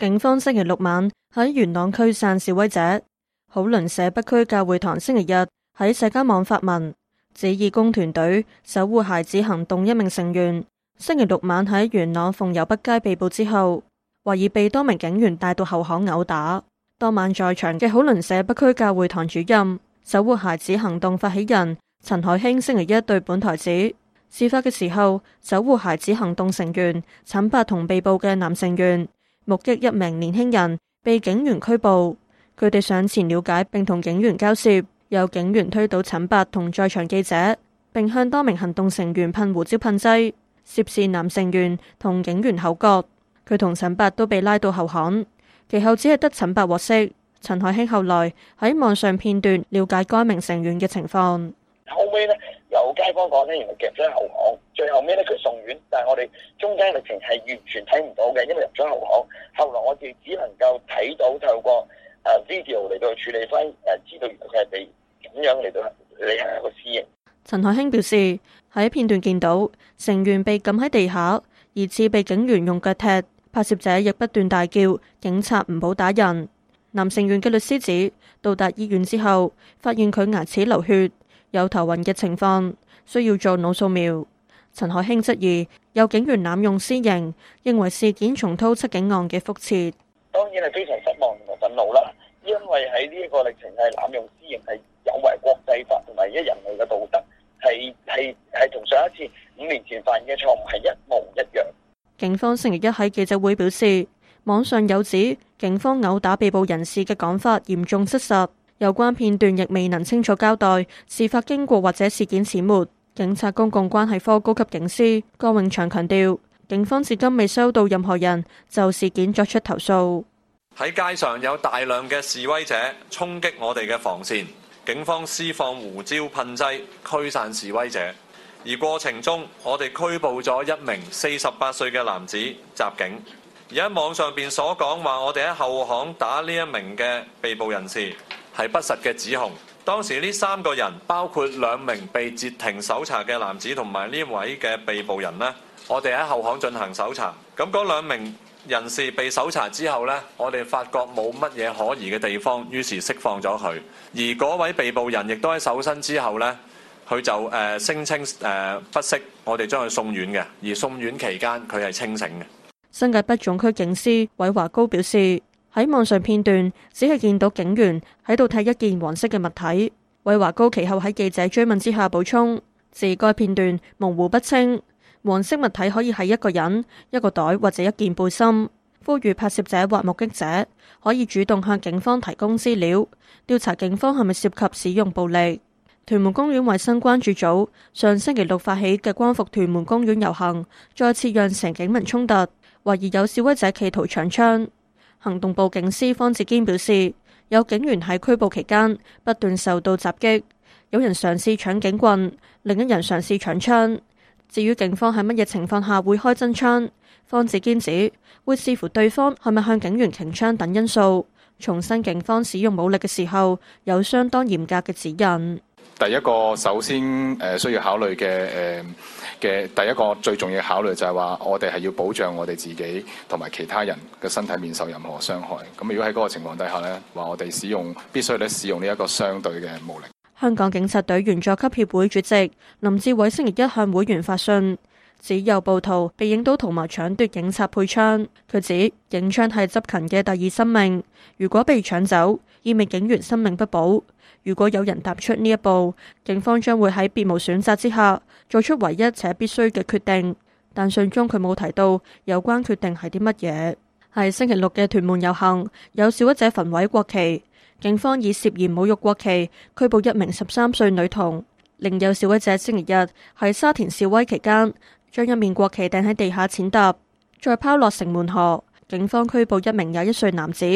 警方星期六晚喺元朗驅散示威者。好鄰舍北區教會堂星期日喺社交網發文，指義工團隊守護孩子行動一名成員星期六晚喺元朗鳳游北街被捕之後，懷疑被多名警員帶到後巷毆打。當晚在場嘅好鄰舍北區教會堂主任、守護孩子行動發起人陳海興星期一對本台指，事發嘅時候守護孩子行動成員慘白同被捕嘅男成員。目擊一名年輕人被警員拘捕，佢哋上前了解並同警員交涉，有警員推倒陳伯同在場記者，並向多名行動成員噴胡椒噴劑，涉事男成員同警員口角，佢同陳伯都被拉到後巷，其後只係得陳伯獲釋。陳海興後來喺網上片段了解該名成員嘅情況，後尾呢，有街坊講呢，原來夾咗後巷，最後尾呢，佢送院。中間歷程係完全睇唔到嘅，因為入咗路口。後來我哋只能夠睇到透過誒 video 嚟到處理翻誒，知道原來佢係你咁樣嚟到，你係一個私營。陳海欣表示喺片段見到成員被撳喺地下，疑似被警員用腳踢，拍攝者亦不斷大叫警察唔好打人。男成員嘅律師指，到達醫院之後，發現佢牙齒流血，有頭暈嘅情況，需要做腦掃描。陳海興質疑有警員濫用私刑，認為事件重蹈七警案嘅覆轍。當然係非常失望同憤怒啦，因為喺呢個歷程係濫用私刑，係有違國際法同埋一人類嘅道德，係係係同上一次五年前犯嘅錯誤係一模一樣。警方星期一喺記者會表示，網上有指警方毆打被捕人士嘅講法嚴重失實，有關片段亦未能清楚交代事發經過或者事件始末。警察公共關係科高級警司江永祥強調，警方至今未收到任何人就事件作出投訴。喺街上有大量嘅示威者衝擊我哋嘅防線，警方施放胡椒噴劑驅散示威者，而過程中我哋拘捕咗一名四十八歲嘅男子襲警。而喺網上邊所講話我哋喺後巷打呢一名嘅被捕人士係不實嘅指控。當時呢三個人，包括兩名被截停搜查嘅男子同埋呢位嘅被捕人呢，我哋喺後巷進行搜查。咁嗰兩名人士被搜查之後呢，我哋發覺冇乜嘢可疑嘅地方，於是釋放咗佢。而嗰位被捕人亦都喺搜身之後呢，佢就誒、呃、聲稱誒、呃、不適，我哋將佢送院嘅。而送院期間，佢係清醒嘅。新界北總區警司韋華高表示。喺網上片段，只係見到警員喺度睇一件黃色嘅物體。韋華高其後喺記者追問之下補充，自該片段模糊不清，黃色物體可以係一個人，一個袋或者一件背心。呼籲拍攝者或目擊者可以主動向警方提供資料，調查警方係咪涉及使用暴力。屯門公園衛生關注組上星期六發起嘅光復屯門公園遊行，再次釀成警民衝突，懷疑有示威者企圖搶槍。行動部警司方志堅表示，有警員喺拘捕期間不斷受到襲擊，有人嘗試搶警棍，另一人嘗試搶槍。至於警方喺乜嘢情況下會開真槍，方志堅指會視乎對方係咪向警員擎槍等因素，重申警方使用武力嘅時候有相當嚴格嘅指引。第一個首先誒需要考慮嘅誒嘅第一個最重要考慮就係話，我哋係要保障我哋自己同埋其他人嘅身體免受任何傷害。咁如果喺嗰個情況底下呢話我哋使用必須咧使用呢一個相對嘅武力。香港警察隊員佐級協會主席林志偉星期一向會員發信，指有暴徒被影到同埋搶奪警察配槍。佢指警槍係執勤嘅第二生命，如果被搶走，意味警員生命不保。如果有人踏出呢一步，警方將會喺別無選擇之下做出唯一且必須嘅決定。但信中佢冇提到有關決定係啲乜嘢。係星期六嘅屯門遊行，有示威者焚毀國旗，警方以涉嫌侮辱國旗拘捕一名十三歲女童。另有示威者星期日喺沙田示威期間，將一面國旗掟喺地下踐踏，再拋落城門河，警方拘捕一名廿一歲男子，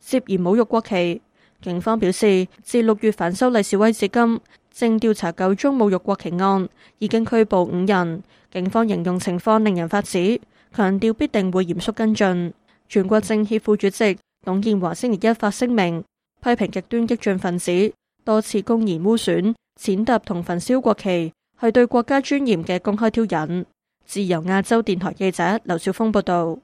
涉嫌侮辱國旗。警方表示，自六月反修例示威至今，正調查九宗侮辱國旗案，已經拘捕五人。警方形容情況令人髮指，強調必定會嚴肅跟進。全國政協副主席董建華星期一發聲明，批評極端激進分子多次公然污損、踐踏同焚燒國旗，係對國家尊嚴嘅公開挑釁。自由亞洲電台記者劉少峰報道。